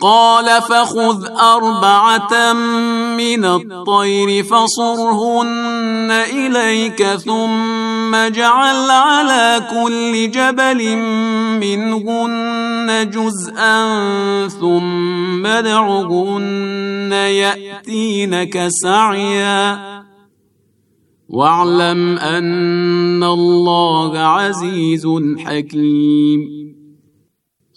قال فخذ اربعه من الطير فصرهن اليك ثم اجعل على كل جبل منهن جزءا ثم ادعهن ياتينك سعيا واعلم ان الله عزيز حكيم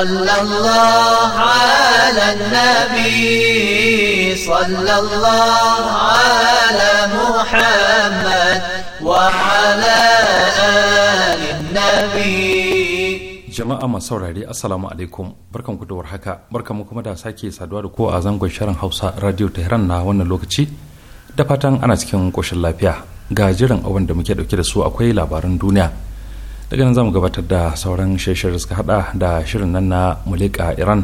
صلى الله على النبي صلى الله على محمد وعلى آل النبي jama'a masu saurari assalamu alaikum barkan ku da warhaka barkan mu kuma da sake saduwa da ko a zangon shirin hausa radio tehran na wannan lokaci da fatan ana cikin koshin lafiya ga jiran abin da muke dauke da su akwai labaran duniya daga nan zamu gabatar da sauran shirye suka hada da shirin nan na mulika iran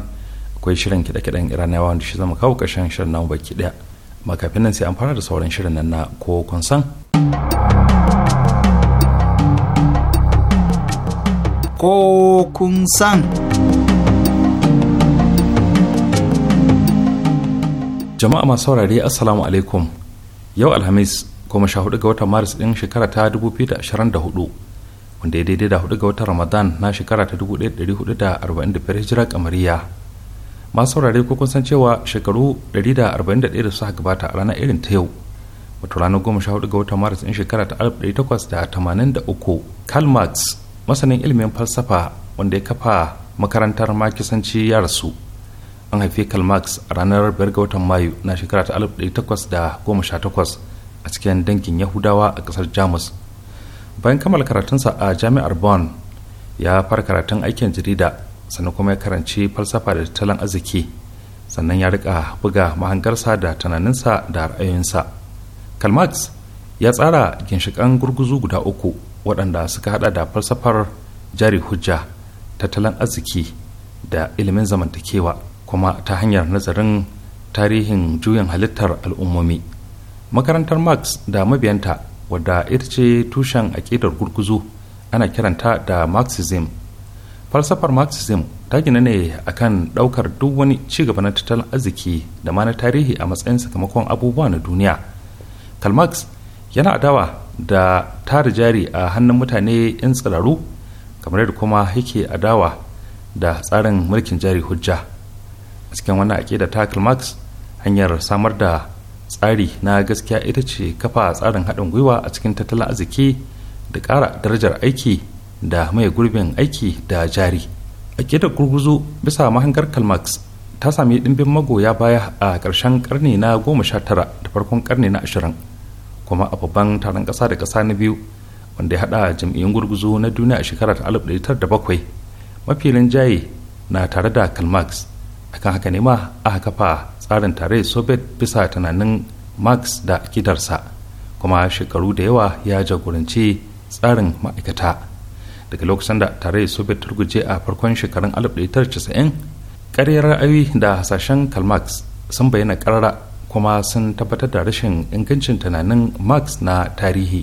akwai shirin kiɗe-kiɗen iraniyawa wanda shi zama kawo ƙarshen shirin namu baki ɗaya makafin nan sai an fara da sauran shirin nan na ko kun san ko kun san jama'a masu saurare assalamu alaikum yau alhamis kuma sha hudu ga watan maris ɗin shekara ta 2024 wanda ya daidai da hudu ga watan ramadan na shekara ta 1445 hijira kamariya masu saurare ko kun san cewa shekaru 141 da suka gabata a ranar irin ta yau wato ranar 14 ga watan maris in shekara ta 1883 karl marx masanin ilimin falsafa wanda ya kafa makarantar makisanci ya rasu an haife karl marx a ranar 5 ga watan mayu na shekara ta 1818 a cikin dangin yahudawa a kasar jamus bayan kammala karatunsa a jami'ar bonn ya fara karatun aikin jarida sannan kuma ya karanci falsafa da tattalin arziki sannan ya rika buga mahangarsa da tunaninsa da ra'ayoyinsa karl marx ya tsara ginshikan gurguzu guda uku waɗanda suka hada da falsafar jari hujja tattalin arziki da ilimin zamantakewa kuma ta hanyar nazarin tarihin juyin halittar al'ummomi makarantar marx da mabiyanta wadda ita ce tushen aƙidar gurguzu ana kiranta da marxism falsafar marxism ta gina ne akan ɗaukar duk wani ci gaba na tattalin arziki da ma na tarihi a matsayin sakamakon abubuwa na duniya karl marx yana adawa da tara jari a hannun mutane 'yan tsiraru kamar yadda kuma yake adawa da tsarin mulkin jari hujja a cikin wannan aƙida ta karl marx hanyar samar da tsari na gaskiya ita ce kafa tsarin haɗin gwiwa a cikin tattalin arziki da ƙara darajar aiki da mai gurbin aiki da jari a akidar gurguzu bisa mahangar kalmax ta sami ɗimbin magoya baya a ƙarshen ƙarni na goma sha tara da farkon ƙarni na ashirin kuma a babban taron ƙasa da ƙasa na biyu wanda ya haɗa jam'iyyun gurguzu na duniya a shekarar bakwai mafi rinjaye na tare da kalmax akan haka ne ma aka kafa tsarin tare soviet bisa tunanin marx da kidarsa kuma shekaru da yawa ya jagoranci tsarin ma'aikata daga lokacin da tare soviet turguje a farkon shekarun 1990 karyar ra'ayoyi da hasashen karl marx sun bayyana ƙarara kuma sun tabbatar da rashin ingancin tunanin marx na tarihi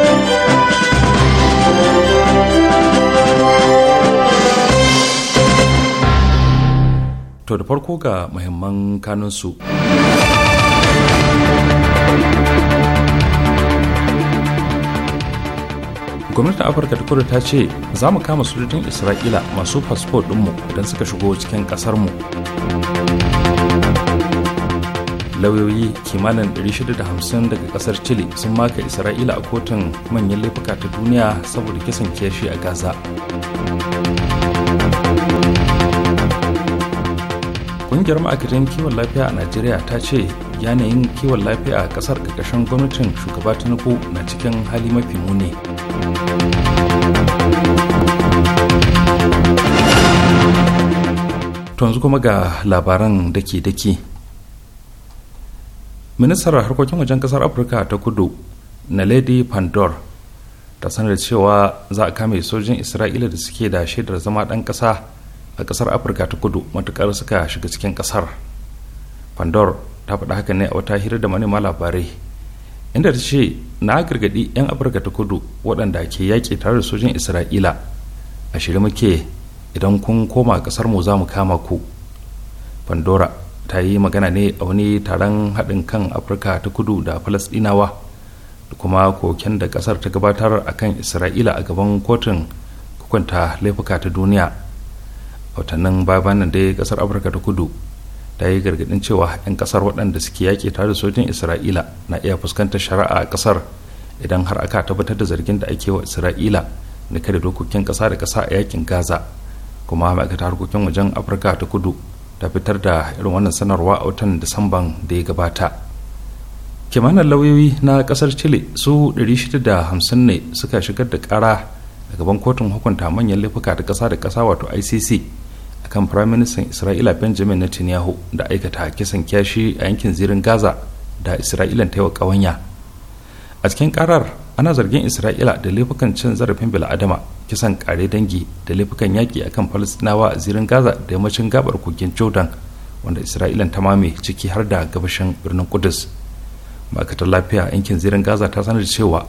To da farko ga muhimman kanunsu. gwamnatin afirka ta kudu ta ce za mu kama sojojin isra'ila masu fasfo ɗinmu don suka shigo cikin ƙasarmu lauyoyi kimanin 650 daga ƙasar chile sun maka isra'ila a kotun manyan laifuka ta duniya saboda kisan keshi a gaza ƙungiyar ma'aikatan kiwon lafiya a najeriya ta ce yanayin kiwon lafiya a ƙasar ƙarƙashin gwamnatin shugaba tinubu na cikin hali mafi muni yanzu kuma ga labaran dake-dake ministar harkokin wajen kasar afirka ta kudu na lady pandor ta sanar cewa za a kame sojin isra'ila da suke da shaidar zama ɗan ƙasa a ƙasar afirka ta kudu matukar suka shiga cikin ƙasar pandor ta faɗa haka ne a wata hira da manema labarai inda ta ce na gargaɗi 'yan afirka ta kudu waɗanda ke yaƙi tare da sojin isra'ila a shiri muke idan kun koma kasar mu za mu kama ku pandora ta yi magana ne a wani taron haɗin kan afirka ta kudu da falasɗinawa da kuma koken da ƙasar ta gabatar a kan isra'ila a gaban kotun hukunta laifuka ta duniya watannin nan dai kasar afirka ta kudu ta yi gargadin cewa 'yan kasar waɗanda suke yaƙi tare da sojin isra'ila na iya fuskantar shari'a a kasar idan har aka tabbatar da zargin da ake wa isra'ila na kada dokokin ƙasa da ƙasa a yakin gaza kuma ma'aikatar harkokin wajen afirka ta kudu ta fitar da irin wannan sanarwa a watan disamban da ya gabata kimanin lauyoyi na kasar chile su 650 ne suka shigar da kara a gaban kotun hukunta manyan laifuka ta ƙasa da ƙasa wato icc akan firaministan isra'ila benjamin netanyahu da aikata kisan kyashi a yankin zirin gaza da isra'ilan ta yi wa ƙawanya a cikin karar ana zargin isra'ila da laifukan cin zarafin bil'adama kisan kare dangi da laifukan yaƙi akan falastinawa a zirin gaza da yammacin gabar kogin jordan wanda isra'ilan ta mame ciki har da gabashin birnin kudus ma'aikatar lafiya yankin zirin gaza ta sanar da cewa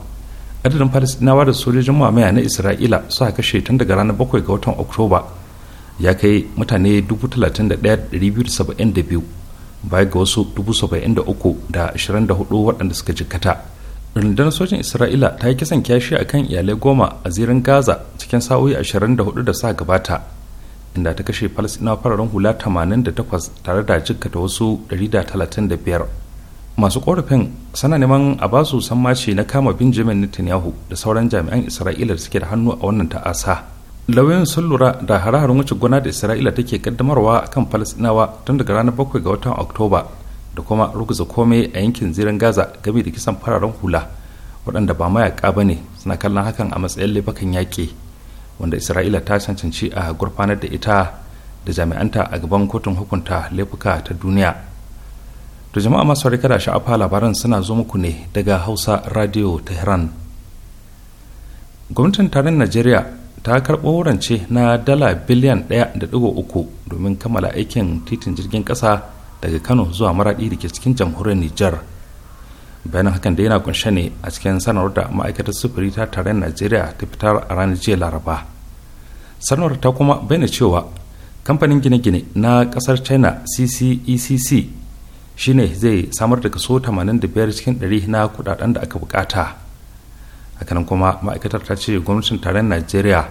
adadin falastinawa da sojojin mamaya na isra'ila suka kashe tun daga ranar 7 ga watan oktoba ya kai mutane 31,272 baya ga wasu 73,24 waɗanda suka jikkata rundunar sojin isra'ila ta yi kisan kyashi a kan iyalai goma a zirin gaza cikin sa'o'i 24 da sa gabata inda ta kashe falasina fararen hula 88 tare da jikkata wasu 135 masu korafin sana neman a basu sammaci na kama benjamin netanyahu da sauran jami'an isra'ila da suke da hannu a wannan ta'asa lauyin sun lura da hare-haren wuce gona da isra'ila take kaddamarwa kan falasinawa tun daga ranar 7 ga watan oktoba da kuma ruguza komai a yankin zirin gaza game da kisan fararen hula waɗanda ba mayaka ba ne suna kallon hakan a matsayin laifukan yaƙi wanda isra'ila ta cancanci a gurfanar da ita da jami'anta a gaban kotun hukunta laifuka ta duniya to jama'a masu kada sha'afa labaran suna zo muku ne daga hausa radio tehran gwamnatin tarin najeriya ta karɓo rance na dala biliyan ɗaya da uku domin kammala aikin titin jirgin ƙasa daga kano zuwa maraɗi da ke cikin jamhuriyar nijar bayan hakan da yana kunshe ne a cikin sanarwar da ma'aikatar sufuri ta tarayyar najeriya ta fitar a ranar jiya laraba sanarwar ta kuma bayyana cewa kamfanin gine-gine na kasar china ccecc shine zai samar da kaso 85 cikin 100 na kudaden da aka bukata kanan kuma ma'aikatar ta ce gwamnatin taron najeriya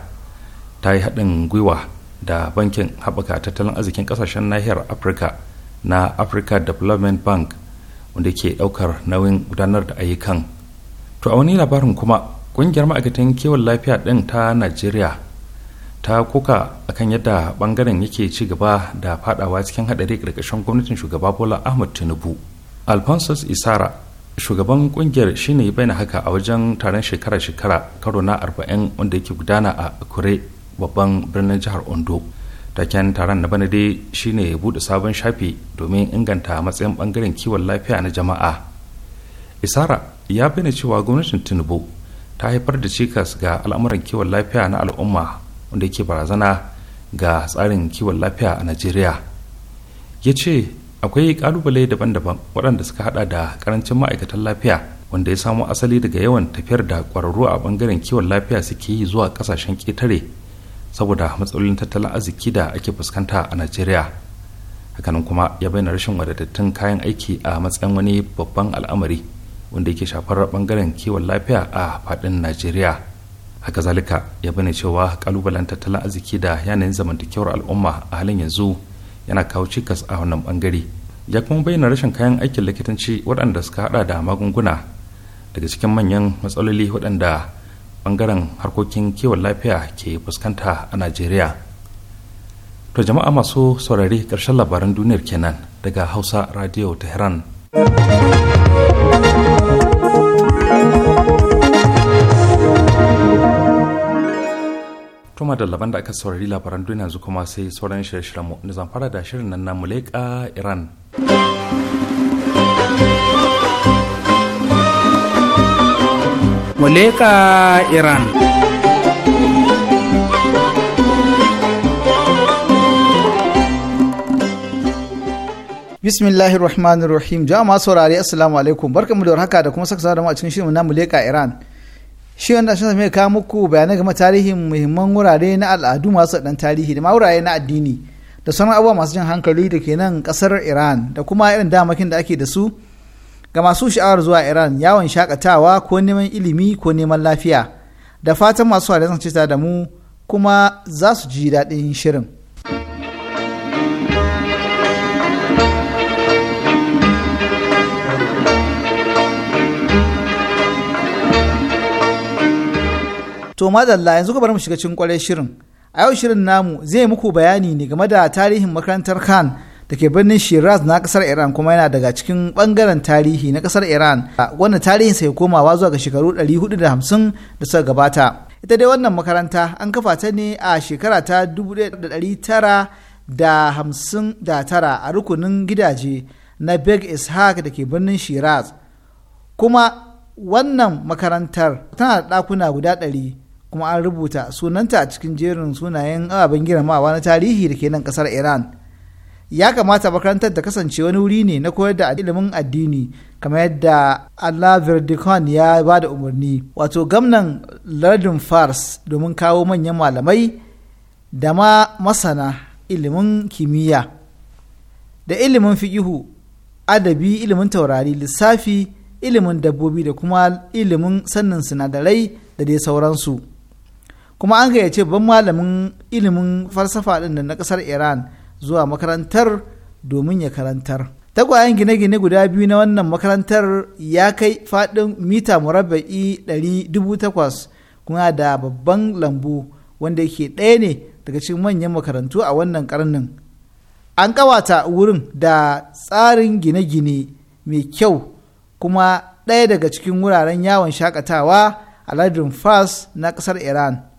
ta yi haɗin gwiwa da bankin haɓaka tattalin arzikin ƙasashen nahiyar afirka na africa development bank wanda ke ɗaukar nauyin gudanar da ayyukan to a wani labarin kuma ƙungiyar ma'aikatan kiwon lafiya ɗin ta najeriya ta kuka akan yadda bangaren yake ci gaba da fadawa cikin haɗari ƙarƙashin gwamnatin shugaba bola ahmad tinubu alphonsus isara shugaban kungiyar shine ya bayyana haka a wajen taron shekara-shekara karo na 40 wanda yake gudana a kure babban birnin jihar ondo taken taron na bana dai shine ya bude sabon shafi domin inganta matsayin bangaren kiwon lafiya na jama'a isara ya bayyana cewa gwamnatin tinubu ta haifar da cikas ga al'amuran kiwon lafiya na al'umma wanda yake barazana ga tsarin kiwon lafiya a najeriya ya ce akwai ƙalubale daban-daban waɗanda suka hada da karancin ma'aikatan lafiya wanda ya samo asali daga yawan tafiyar da ƙwararru a ɓangaren kiwon lafiya suke yi zuwa ƙasashen ƙetare saboda matsalolin tattalin arziki da ake fuskanta a najeriya hakanan kuma ya bayyana rashin wadatattun kayan aiki a matsayin wani babban al'amari wanda yake shafar bangaren kiwon lafiya a faɗin najeriya haka zalika ya bayyana cewa ƙalubalen tattalin arziki da yanayin zamantakewar al'umma a halin yanzu yana kawo cikas a wannan bangare ya kuma bayyana rashin kayan aikin likitanci waɗanda suka haɗa da magunguna daga cikin manyan matsaloli waɗanda bangaren harkokin kiwon lafiya ke fuskanta a najeriya to jama'a masu saurari ƙarshen labaran duniyar kenan daga hausa radio tehran kuma da laban da aka saurari labaran duniya yanzu kuma sai sauran shirye-shiryen mu na zamfara da shirin nan na muleka iran muleka iran bismillahir rahmanir rahim jama'a saurari assalamu alaikum barkamu da warhaka da kuma saka da mu a cikin shirin na muleka iran shi wanda shi mai kawo muku bayanai game tarihin muhimman wurare na al'adu masu dan tarihi da ma wurare na addini da sauran abubuwa masu jan hankali da ke nan kasar iran da kuma irin damakin da ake da su ga masu sha'awar zuwa iran yawon shakatawa ko neman ilimi ko neman lafiya da fatan masu sun cita da mu kuma za su ji daɗin shirin. To madalla yanzu bari mu shiga cikin kwarai shirin. A yau shirin namu zai muku bayani ne game da tarihin makarantar Khan da ke birnin Shiraz na kasar Iran kuma yana daga cikin bangaren tarihi na kasar Iran wanda tarihin sai komawa zuwa ga shekaru 450 da suka gabata. Ita dai wannan makaranta an kafa ta ne a shekara ta 1959 a rukunin gidaje na Beg Ishaq da ke birnin Shiraz. Kuma wannan makarantar tana da ɗakuna guda ɗari kuma an rubuta sunanta a cikin jerin sunayen ababen girmamawa na tarihi da ke nan kasar iran ya kamata makarantar da kasance wani wuri ne na koyar da ilimin addini kamar yadda allah verdicon ya ba da umarni wato gamnan lardin fars domin kawo manyan malamai da ma masana ilimin kimiyya da ilimin fiƙihu adabi ilimin taurari lissafi ilimin dabbobi da kuma ilimin sannin sinadarai da dai sauransu. kuma an gayyace babban malamin ilimin falsafa ɗin da na ƙasar iran zuwa makarantar domin ya karantar tagwayen gine-gine guda biyu na wannan makarantar ya kai faɗin mita murabba'i 800 kuma da babban lambu wanda yake ɗaya ne daga cikin manyan makarantu a wannan karnin an ƙawata wurin da tsarin gine-gine mai kyau kuma ɗaya daga cikin wuraren yawon shakatawa a lardin fars na ƙasar iran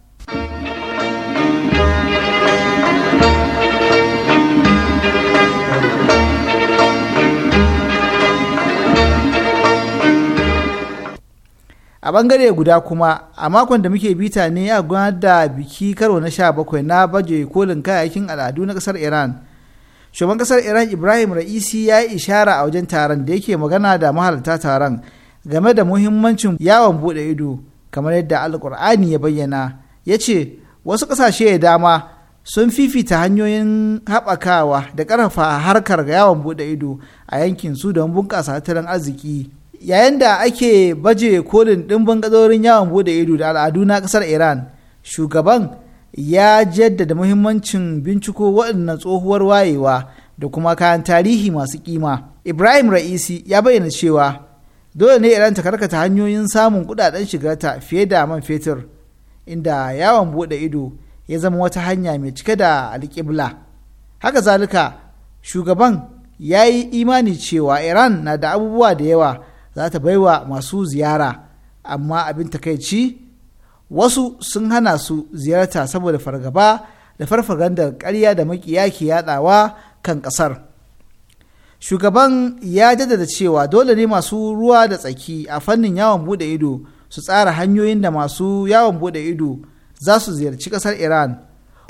a bangare guda kuma a makon da muke bita ne ya gudanar da biki karo na sha bakwai na baje kolin kayayyakin al'adu na kasar iran shugaban kasar iran ibrahim ra'isi ya yi ishara a wajen taron da yake magana da mahalarta taron game da muhimmancin yawon bude ido kamar yadda alkur'ani ya bayyana ya ce wasu kasashe da dama sun fifita hanyoyin haɓakawa da ƙarfafa harkar yawon bude ido a yankin su don bunƙasa tattalin arziki yayin da ake baje kolin dimbin gadorin yawon bude ido da al'adu na ƙasar iran shugaban ya jaddada muhimmancin binciko waɗannan tsohuwar wayewa da kuma kayan tarihi masu kima ibrahim ra'isi ya bayyana cewa dole ne iran ta karkata hanyoyin samun kudaden shigarta fiye da man fetur inda yawon bude ido ya zama wata hanya mai cike da alƙibla haka zalika shugaban ya yi imani cewa iran na da abubuwa da yawa za ta baiwa masu ziyara amma abin takaici wasu sun hana su ziyarta saboda fargaba da farfagandar karya da makiya ke yadawa kan ƙasar shugaban ya jaddada cewa dole ne masu ruwa da tsaki a fannin yawon bude ido su tsara hanyoyin da masu yawon bude ido za su ziyarci ƙasar iran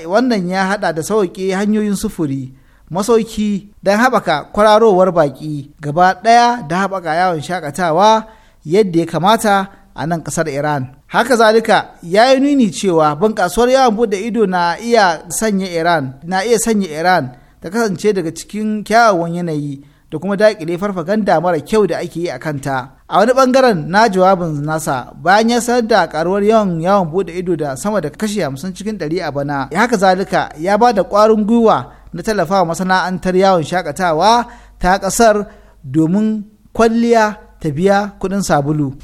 wannan ya hada da sauƙi hanyoyin sufuri masauki don haɓaka kwararowar baƙi gaba ɗaya da haɓaka yawon shakatawa yadda ya kamata a nan ƙasar iran haka zalika ya yi nuni cewa bunƙasuwar yawon buɗe ido na iya sanya iran na iya sanya iran ta kasance daga cikin kyawawan yanayi da kuma daƙile farfaganda mara kyau da ake yi a kanta a wani bangaren na jawabin nasa bayan ya sanar da karuwar yawan yawon buɗe ido da sama da kashi hamsin cikin ɗari a bana haka zalika ya ba da ƙwarin gwiwa na tallafawa masana'antar yawon shakatawa ta kasar domin kwalliya ta biya kudin sabulu.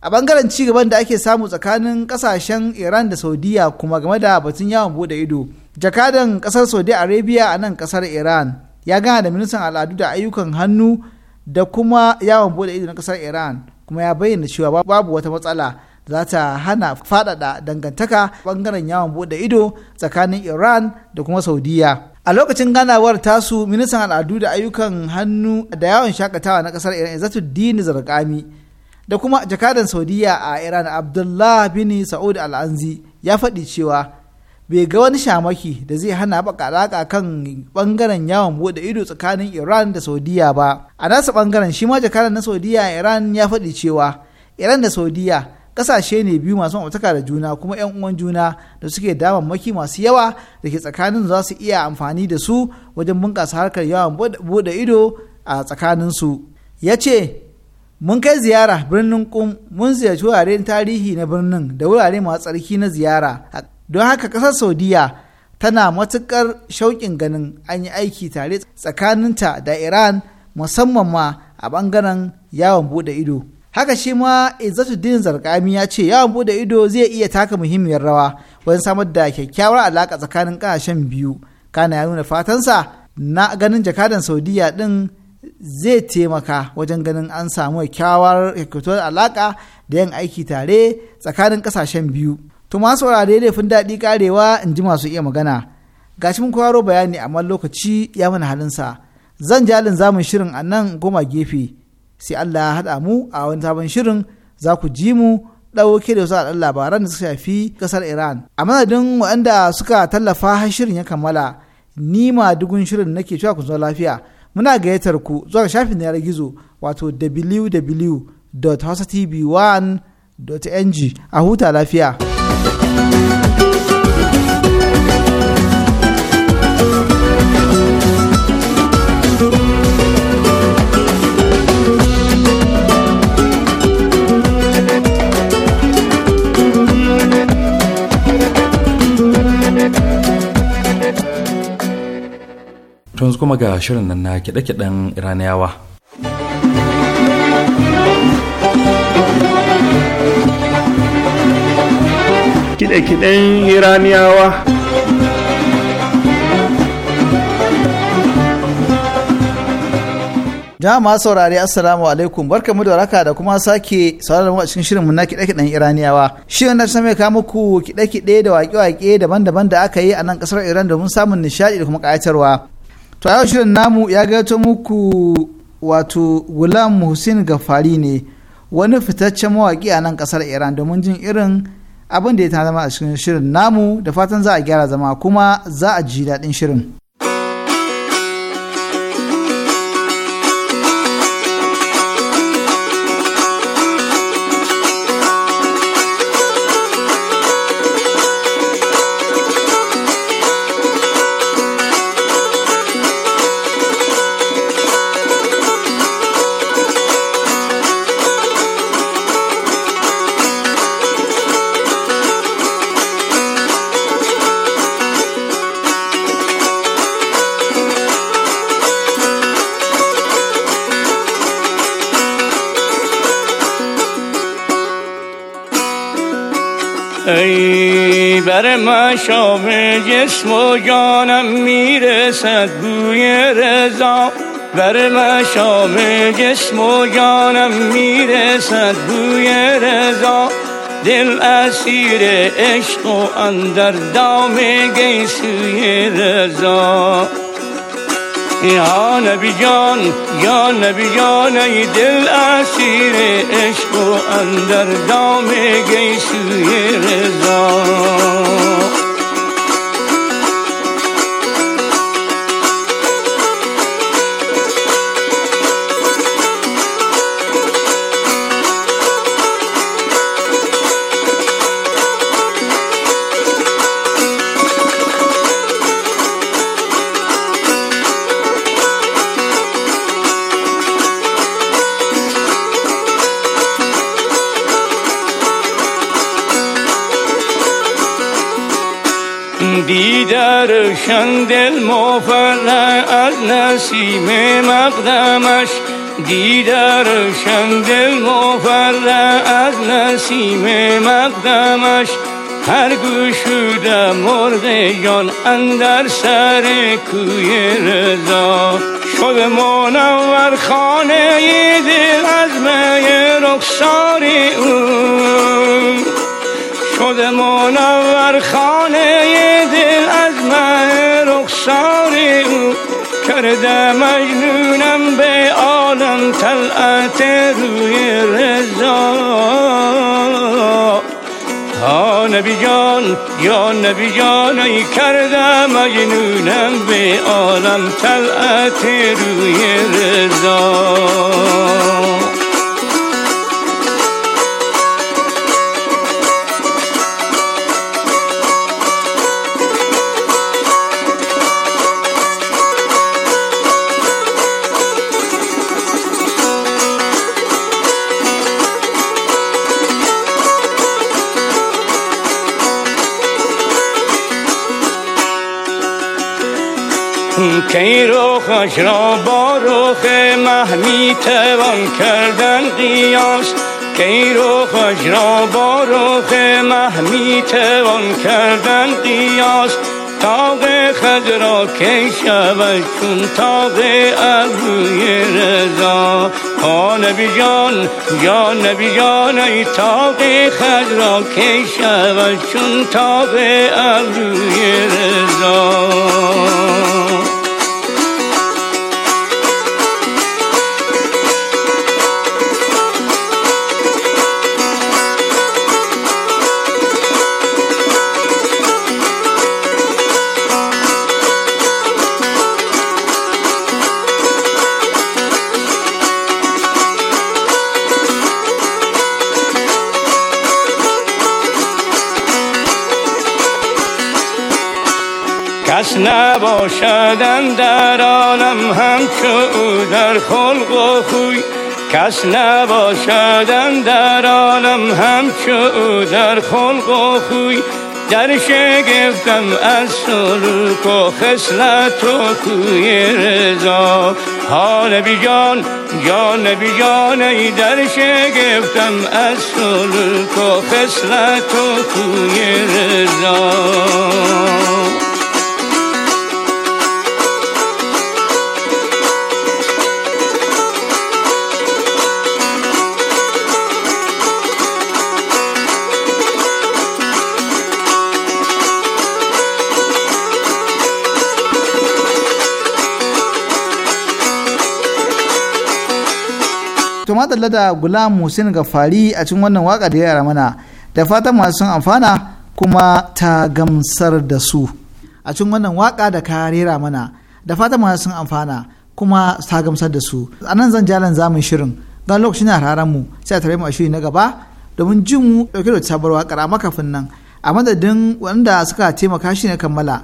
a bangaren cigaban da ake samu tsakanin kasashen iran da saudiya kuma game da batun yawon bude ido jakadan kasar saudi arabia a nan kasar iran ya gana da ministan al'adu da ayyukan hannu da kuma yawon bude ido na kasar iran kuma ya bayyana cewa babu wata matsala za ta hana fadada dangantaka bangaren yawon bude ido tsakanin iran da kuma saudiya a lokacin ganawar tasu ministan al'adu da ayyukan hannu da yawon shakatawa na kasar iran izzatuddin zargami da kuma jakadan saudiya a iran abdullah bin sa'ud al'anzi ya faɗi cewa bai ga wani shamaki da zai hana baka alaka kan bangaren yawon bude ido tsakanin iran da saudiya ba a nasa bangaren shi ma jakadan na saudiya iran ya faɗi cewa iran da saudiya ƙasashe ne biyu masu mamtaka da juna kuma 'yan uwan juna da suke damammaki masu yawa da ke tsakanin za su iya amfani da su wajen bunƙasa harkar yawon bude ido a tsakanin ya ce mun kai ziyara birnin kum mun ziyarci wuraren tarihi na birnin da wurare masu tsarki na ziyara don haka ƙasar saudiya tana matuƙar shauƙin ganin an yi aiki tare tsakaninta da iran musamman ma a ɓangaren yawon buɗe ido haka shi ma izzatuddin zarkami ya ce yawon buɗe ido zai iya taka muhimmiyar rawa wajen samar da kyakkyawar alaƙa tsakanin ƙasashen biyu kana ya nuna fatansa na ganin jakadan saudiya din zai taimaka wajen ganin an samu kyakkyawar alaƙa da yin aiki tare tsakanin ƙasashen biyu To masu saurare fun daɗi karewa in ji masu iya magana. Gashi mun kwaro bayani amma lokaci ya mana halinsa. Zan jalin zamun shirin a nan goma gefe. Sai Allah ya haɗa mu a wani sabon shirin za ku ji mu ɗauke da wasu al'adun labaran da suka shafi ƙasar Iran. A madadin waɗanda suka tallafa har shirin ya kammala. Ni ma dugun shirin nake cewa ku zo lafiya. Muna gayyatar ku zuwa shafin yanar gizo wato www.hausatv1.ng a huta lafiya. yanzu kuma ga shirin nan na kiɗe-kiɗen iraniyawa kiɗe-kiɗen iraniyawa jama'a saurari assalamu alaikum barka mu da waraka da kuma sake sauraron mu a cikin mu na kiɗe-kiɗen iraniyawa shirin na same ka muku kiɗe-kiɗe da waƙe-waƙe daban-daban da aka yi a nan kasar iran domin samun nishadi da kuma kayatarwa. to yau shirin namu ya gato muku wato gulam hussein gafari ne wani fitaccen mawaki a nan kasar iran domin jin irin abin da ya zama a cikin shirin namu da fatan za a gyara zama kuma za a ji daɗin shirin. ای بر مشاب جسم و جانم میرسد بوی رضا بر مشام جسم و جانم میرسد بوی رضا دل اسیر عشق و اندر دام گیسوی رضا یا نبیان یا نبیان ای دل اسیر عشق و اندر دام گیسوی رضا شندل مفرح از نسیم مقدمش دیدار شندل مفرح از نسیم مقدمش هر گوشوده جان اندر سر کوی رضا شد منور خانه دل از می رخساری او شده منور خانه دل از من رخساری او کرده مجنونم به عالم تلعت روی رضا ها نبی جان یا نبی جان ای کرده مجنونم به عالم تلعت روی رضا که این روخش را با روخ مه کردن قیاس که این روخش را با روخ مه توان کردن قیاس تاق خد را که شود چون تاق ابروی رضا ها نبی جان یا نبی جان ای تاق خد را که شود چون تاق ابروی رضا نباشد در عالم همچو او در خلق و خوی کس نباشد در عالم همچو او در خلق و خوی در شگفتم از سلوک و خسلت و کوی رضا حال بی جان جان بی جان ای در شگفتم از سلوک و خسلت و کوی رضا to madalla da gulam musin gafari a cikin wannan waka da yara mana da fatan masu sun amfana kuma ta gamsar da su a cikin wannan waka da ka rera mana da fatan masu sun amfana kuma ta gamsar da su a nan zan jalan zamun shirin don lokacin na rarar mu sai a tare mu a shiri na gaba domin jin mu dauke da sabuwar wakar amma kafin nan a madadin wanda suka taimaka shi ne kammala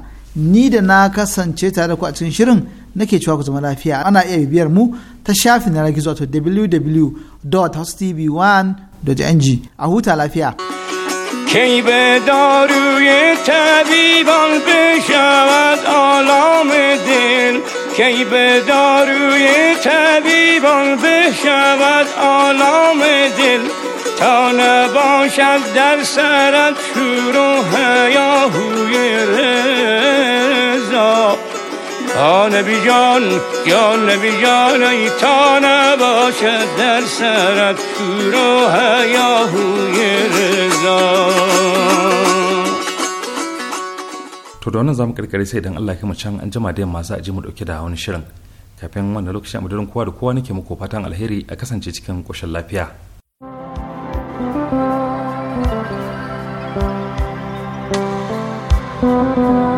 ni da na kasance tare da ku a cikin shirin nake cewa ku zama lafiya ana iya bibiyar mu ta shafin na gizo wato www.hostv1.ng a huta lafiya. کی به داروی طبیبان بشود آلام دل کی به داروی طبیبان بشود آلام دل تا نباشد در سرت شور و هیاهوی رضا آنبیان یا نبیان ای تا نباشد در سرت کور هیاهوی رضا to da wannan zamu karkare sai idan Allah ya mu can an jima da yamma za a je mu dauke da wani shirin kafin wannan lokacin mu kowa da kowa nake muku fatan alheri a kasance cikin koshin lafiya thank you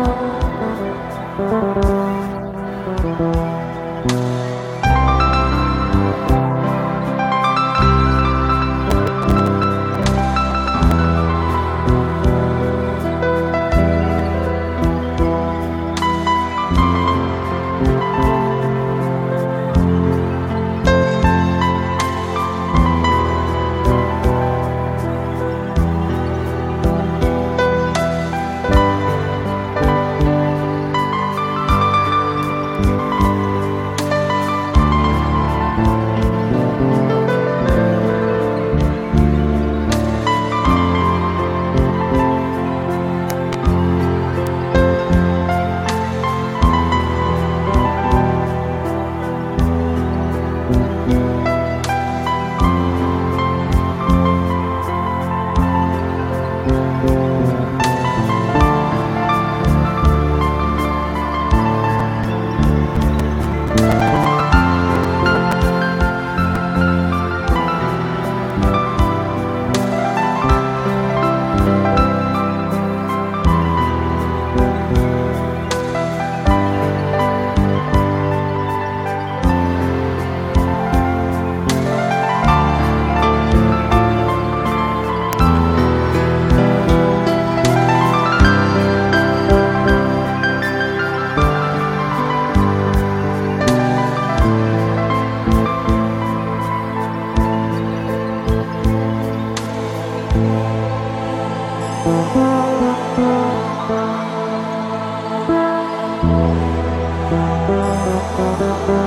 Thank you.